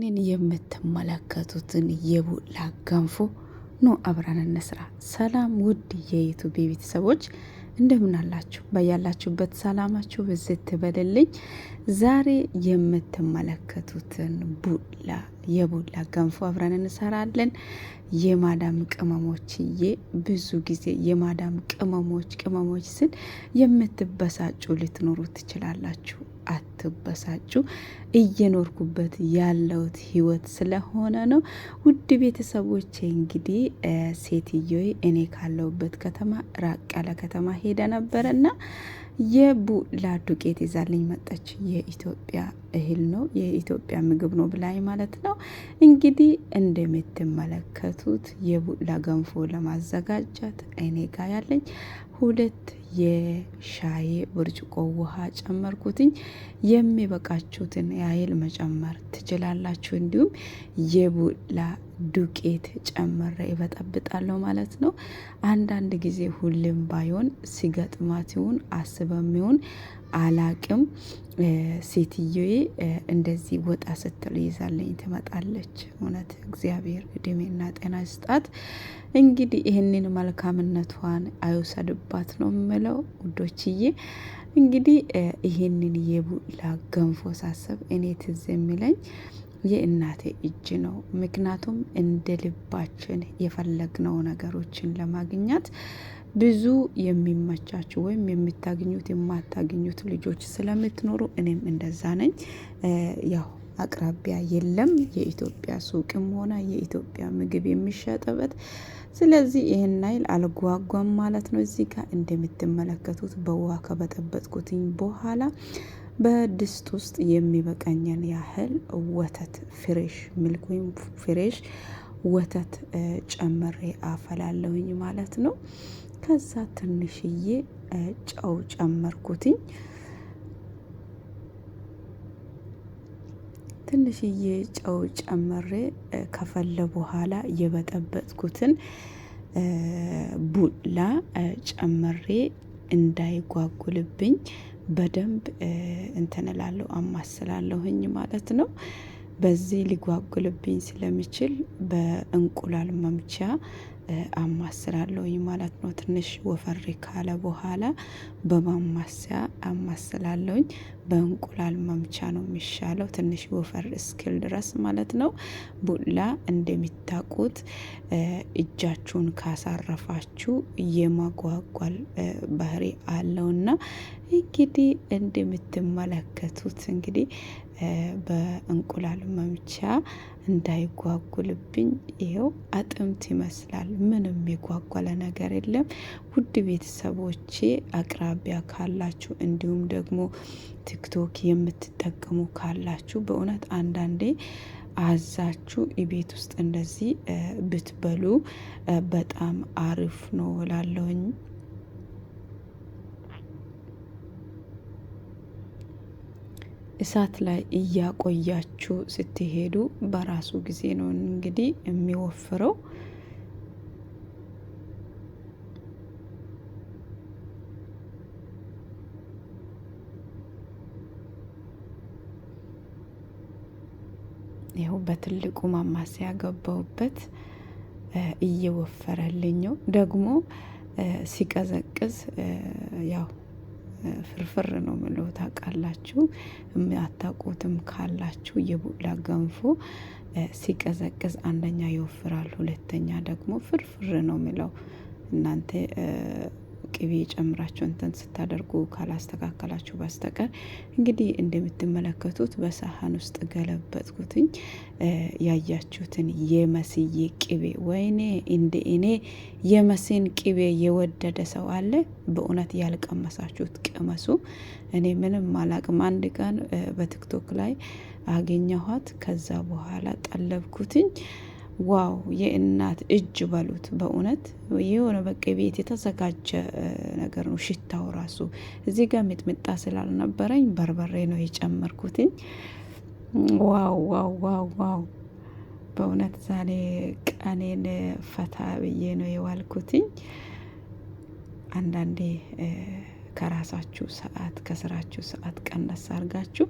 እኔን የምትመለከቱትን የቡላ ገንፎ ኑ አብረን እንስራ። ሰላም ውድ የዩቱብ ቤተሰቦች እንደምን አላችሁ? በያላችሁበት ሰላማችሁ ብዝት ትበልልኝ። ዛሬ የምትመለከቱትን ቡላ የቡላ ገንፎ አብረን እንሰራለን። የማዳም ቅመሞችዬ ብዙ ጊዜ የማዳም ቅመሞች ቅመሞች ስል የምትበሳጩ ልትኖሩ ትችላላችሁ። አትበሳጩ። እየኖርኩበት ያለውት ህይወት ስለሆነ ነው። ውድ ቤተሰቦች እንግዲህ ሴትዮ እኔ ካለሁበት ከተማ ራቅ ያለ ከተማ ሄደ ነበረና የቡላ ዱቄት ይዛልኝ መጣች። የኢትዮጵያ እህል ነው የኢትዮጵያ ምግብ ነው ብላይ ማለት ነው። እንግዲህ እንደምትመለከቱት የቡላ ገንፎ ለማዘጋጀት እኔ ጋ ያለኝ ሁለት የሻይ ብርጭቆ ውሃ ጨመርኩትኝ። የሚበቃችሁትን ያህል መጨመር ትችላላችሁ። እንዲሁም የቡላ ዱቄት ጨምሬ ይበጠብጣለሁ ማለት ነው። አንዳንድ ጊዜ ሁሌም ባይሆን ሲገጥማት ይሁን አስበም ይሁን አላቅም ሴትዬ እንደዚህ ወጣ ስትል ይዛለኝ ትመጣለች። እውነት እግዚአብሔር እድሜና ጤና ይስጣት። እንግዲህ ይህንን መልካምነቷን አይውሰድባት ነው የምለው ውዶችዬ። እንግዲህ ይህንን የቡላ ገንፎ ሳስብ እኔ ትዝ የሚለኝ የእናቴ እጅ ነው። ምክንያቱም እንደ ልባችን የፈለግነው ነገሮችን ለማግኘት ብዙ የሚመቻችሁ ወይም የምታገኙት የማታገኙት ልጆች ስለምትኖሩ እኔም እንደዛ ነኝ። ያው አቅራቢያ የለም የኢትዮጵያ ሱቅም ሆነ የኢትዮጵያ ምግብ የሚሸጥበት። ስለዚህ ይህን ናይል አልጓጓም ማለት ነው። እዚህ ጋር እንደምትመለከቱት በውሃ ከበጠበጥኩትኝ በኋላ በድስት ውስጥ የሚበቃኝን ያህል ወተት ፍሬሽ ሚልክ ወይም ፍሬሽ ወተት ጨምሬ አፈላለሁኝ ማለት ነው። ከዛ ትንሽዬ ጨው ጨመርኩትኝ። ትንሽዬ ጨው ጨመሬ ከፈለ በኋላ የበጠበጥኩትን ቡላ ጨመሬ እንዳይጓጉልብኝ በደንብ እንትንላለሁ አማስላለሁኝ ማለት ነው። በዚህ ሊጓጉልብኝ ስለሚችል በእንቁላል መምቻ አማስላለሁኝ ማለት ነው። ትንሽ ወፈሬ ካለ በኋላ በማማስያ አማስላለሁኝ በእንቁላል መምቻ ነው የሚሻለው፣ ትንሽ ወፈር እስክል ድረስ ማለት ነው። ቡላ እንደሚታቁት እጃችሁን ካሳረፋችሁ የማጓጓል ባህሪ አለውና እንግዲህ እንደምትመለከቱት እንግዲህ በእንቁላል መምቻ እንዳይጓጉልብኝ ይኸው አጥምት ይመስላል። ምንም የጓጓለ ነገር የለም። ውድ ቤተሰቦቼ አቅራቢያ ካላችሁ እንዲሁም ደግሞ ቲክቶክ የምትጠቀሙ ካላችሁ በእውነት አንዳንዴ አዛችሁ ቤት ውስጥ እንደዚህ ብትበሉ በጣም አሪፍ ነው ላለሁኝ። እሳት ላይ እያቆያችሁ ስትሄዱ በራሱ ጊዜ ነው እንግዲህ የሚወፍረው። ይኸው በትልቁ ማማሰያ ገባውበት እየወፈረልኝ ደግሞ ሲቀዘቅዝ ያው ፍርፍር ነው ምለው ታውቃላችሁ። አታውቁትም ካላችሁ የቡላ ገንፎ ሲቀዘቅዝ አንደኛ ይወፍራል፣ ሁለተኛ ደግሞ ፍርፍር ነው ምለው እናንተ ቅቤ ጨምራቸው እንትን ስታደርጉ ካላስተካከላችሁ በስተቀር እንግዲህ እንደምትመለከቱት በሳህን ውስጥ ገለበጥኩትኝ። ያያችሁትን የመስዬ ቅቤ ወይኔ! እንደ እኔ የመሴን ቅቤ የወደደ ሰው አለ? በእውነት ያልቀመሳችሁት ቅመሱ። እኔ ምንም አላቅም። አንድ ቀን በቲክቶክ ላይ አገኘኋት። ከዛ በኋላ ጠለብኩትኝ። ዋው የእናት እጅ በሉት በእውነት የሆነ በቃ ቤት የተዘጋጀ ነገር ነው። ሽታው ራሱ እዚህ ጋር ሚጥሚጣ ስላልነበረኝ በርበሬ ነው የጨመርኩትኝ። ዋው ዋው ዋው ዋው በእውነት ዛሬ ቀኔን ፈታ ብዬ ነው የዋልኩትኝ። አንዳንዴ ከራሳችሁ ሰዓት ከስራችሁ ሰዓት ቀነስ አርጋችሁ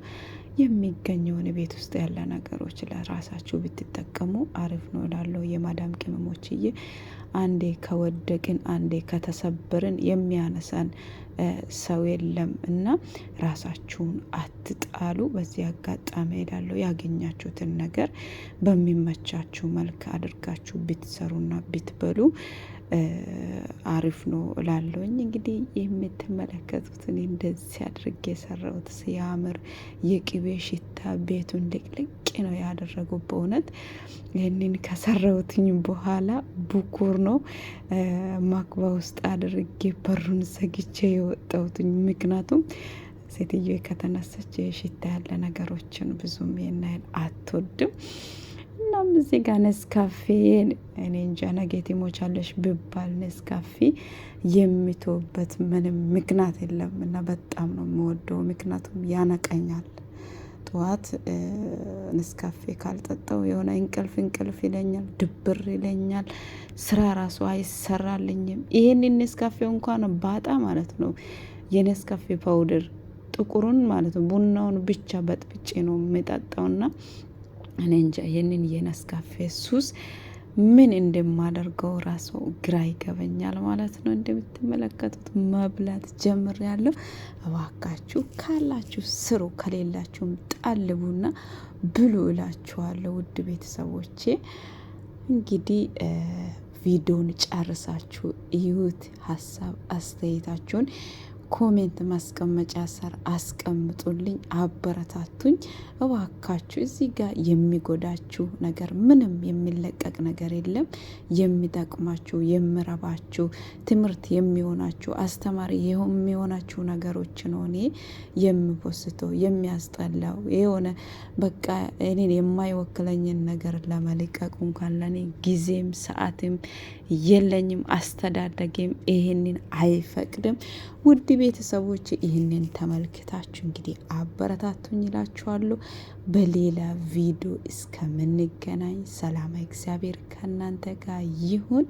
የሚገኘውን ቤት ውስጥ ያለ ነገሮች ለራሳችሁ ብትጠቀሙ አሪፍ ነው እላለሁ። የማዳም ቅመሞችዬ አንዴ ከወደቅን አንዴ ከተሰበርን የሚያነሳን ሰው የለም እና ራሳችሁን አትጣሉ። በዚህ አጋጣሚ ሄዳለሁ ያገኛችሁትን ነገር በሚመቻችሁ መልክ አድርጋችሁ ብትሰሩና ብትበሉ አሪፍ ነው እላለሁኝ። እንግዲህ የምትመለከቱት እኔ እንደዚህ አድርጌ የሰራሁት ሲያምር የቅቤ ሽታ ቤቱን ልቅልቅ ነው ያደረጉ። በእውነት ይህንን ከሰራሁትኝ በኋላ ብኩር ነው ማክባ ውስጥ አድርጌ በሩን ዘግቼ የወጣሁትኝ ምክንያቱም ሴትዮ ከተነሰች የሽታ ያለ ነገሮችን ብዙም የናይል አትወድም። አሁን እዚህ ጋር ነስካፌ እኔ እንጃ ነገ ትሞቻለሽ ብባል ነስካፌ የሚቶበት ምንም ምክንያት የለም እና በጣም ነው የምወደው። ምክንያቱም ያነቀኛል። ጠዋት ነስካፌ ካልጠጣው የሆነ እንቅልፍ እንቅልፍ ይለኛል፣ ድብር ይለኛል፣ ስራ ራሱ አይሰራልኝም። ይሄንን ነስካፌው እንኳን ባጣ ማለት ነው የነስካፌ ፓውደር ጥቁሩን ማለት ነው ቡናውን ብቻ በጥብጬ ነው የሚጠጣውና እኔ እንጃ ይህንን የነስካፌ ሱስ ምን እንደማደርገው ራሱ ግራ ይገበኛል ማለት ነው። እንደምትመለከቱት መብላት ጀምር ያለው እባካችሁ ካላችሁ ስሩ፣ ከሌላችሁም ጣልቡና ብሉ እላችኋለሁ ውድ ቤተሰቦቼ እንግዲህ ቪዲዮን ጨርሳችሁ እዩት። ሀሳብ አስተያየታችሁን ኮሜንት ማስቀመጫ ስር አስቀምጡልኝ፣ አበረታቱኝ እባካችሁ። እዚህ ጋር የሚጎዳችሁ ነገር ምንም የሚለቀቅ ነገር የለም። የሚጠቅማችሁ፣ የምረባችሁ፣ ትምህርት የሚሆናችሁ አስተማሪ የሚሆናችሁ ነገሮች ነው እኔ የምፖስተው። የሚያስጠላው የሆነ በቃ እኔን የማይወክለኝን ነገር ለመልቀቁ እንኳን ለእኔ ጊዜም ሰዓትም የለኝም፣ አስተዳደግም ይህንን አይፈቅድም። ውድ ቤተሰቦች ይህንን ተመልክታችሁ እንግዲህ አበረታቱኝ ይላችኋሉ። በሌላ ቪዲዮ እስከምንገናኝ ሰላም እግዚአብሔር ከእናንተ ጋር ይሁን።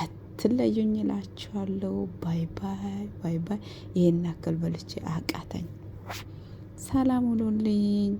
አትለዩኝ ይላችኋለሁ። ባይ ባይ ባይ ባይ። ይህን ያክል በልቼ አቃተኝ። ሰላም ሁሉልኝ።